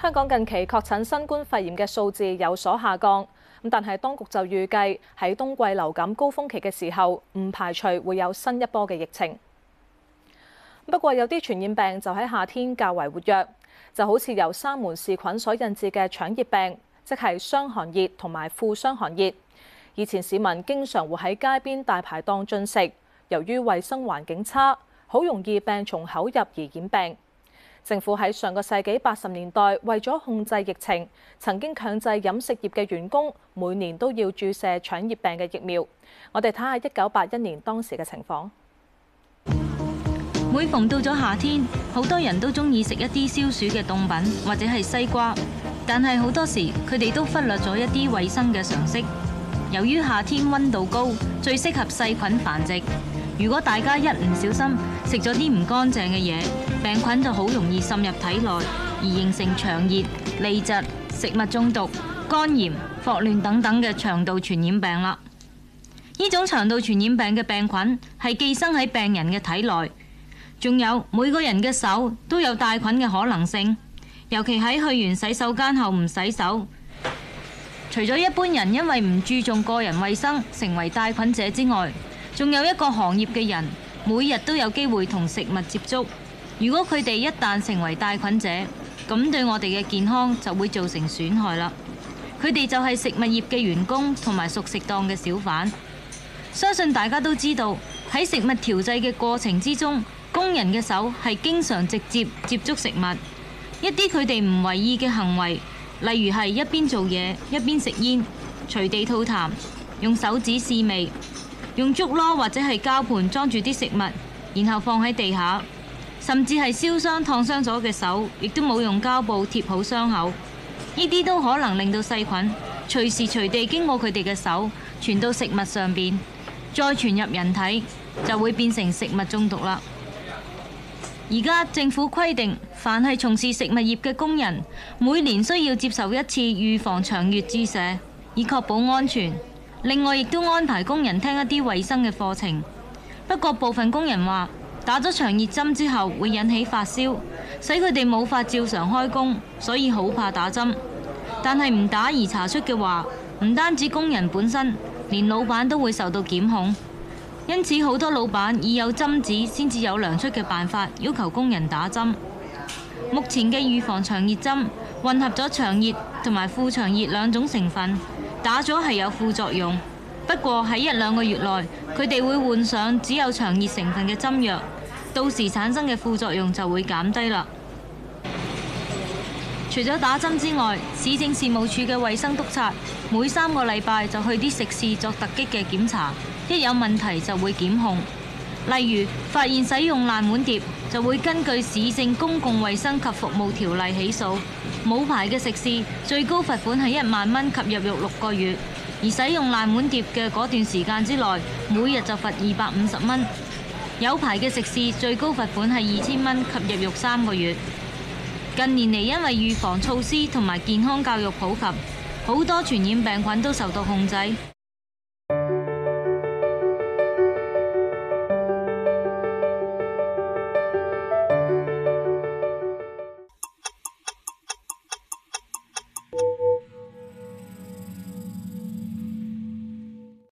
香港近期確診新冠肺炎嘅數字有所下降，咁但係當局就預計喺冬季流感高峰期嘅時候，唔排除會有新一波嘅疫情。不過有啲傳染病就喺夏天較為活躍，就好似由沙門氏菌所引致嘅腸熱病，即係傷寒熱同埋副傷寒熱。以前市民經常會喺街邊大排檔進食，由於衛生環境差，好容易病從口入而染病。政府喺上個世紀八十年代為咗控制疫情，曾經強制飲食業嘅員工每年都要注射腸熱病嘅疫苗。我哋睇下一九八一年當時嘅情況。每逢到咗夏天，好多人都中意食一啲消暑嘅凍品或者係西瓜，但係好多時佢哋都忽略咗一啲衞生嘅常識。由於夏天溫度高，最適合細菌繁殖。如果大家一唔小心食咗啲唔乾淨嘅嘢，病菌就好容易滲入體內，而形成腸熱、痢疾、食物中毒、肝炎、霍亂等等嘅腸道傳染病啦。呢種腸道傳染病嘅病菌，係寄生喺病人嘅體內，仲有每個人嘅手都有帶菌嘅可能性，尤其喺去完洗手間後唔洗手。除咗一般人因為唔注重個人衛生，成為帶菌者之外，仲有一個行業嘅人，每日都有機會同食物接觸。如果佢哋一旦成為帶菌者，咁對我哋嘅健康就會造成損害啦。佢哋就係食物業嘅員工同埋熟食檔嘅小販。相信大家都知道，喺食物調製嘅過程之中，工人嘅手係經常直接接觸食物。一啲佢哋唔為意嘅行為，例如係一邊做嘢、一邊食煙、隨地吐痰、用手指試味，用竹籮或者係膠盤裝住啲食物，然後放喺地下，甚至係燒傷、燙傷咗嘅手，亦都冇用膠布貼好傷口。呢啲都可能令到細菌隨時隨地經過佢哋嘅手，傳到食物上面，再傳入人體，就會變成食物中毒啦。而家政府規定，凡係從事食物業嘅工人，每年需要接受一次預防腸熱注射，以確保安全。另外，亦都安排工人聽一啲衛生嘅課程。不過，部分工人話打咗腸熱針之後會引起發燒，使佢哋冇法照常開工，所以好怕打針。但係唔打而查出嘅話，唔單止工人本身，連老闆都會受到檢控。因此，好多老闆以有針紙先至有糧出嘅辦法，要求工人打針。目前嘅預防腸熱針混合咗腸熱同埋副腸熱兩種成分。打咗係有副作用，不過喺一兩個月內，佢哋會換上只有腸熱成分嘅針藥，到時產生嘅副作用就會減低啦。除咗打針之外，市政事務處嘅衞生督察每三個禮拜就去啲食肆作突擊嘅檢查，一有問題就會檢控。例如發現使用爛碗碟，就會根據市政公共衛生及服務條例起訴。冇牌嘅食肆最高罰款係一萬蚊及入獄六個月，而使用爛碗碟嘅嗰段時間之內，每日就罰二百五十蚊。有牌嘅食肆最高罰款係二千蚊及入獄三個月。近年嚟，因為預防措施同埋健康教育普及，好多傳染病菌都受到控制。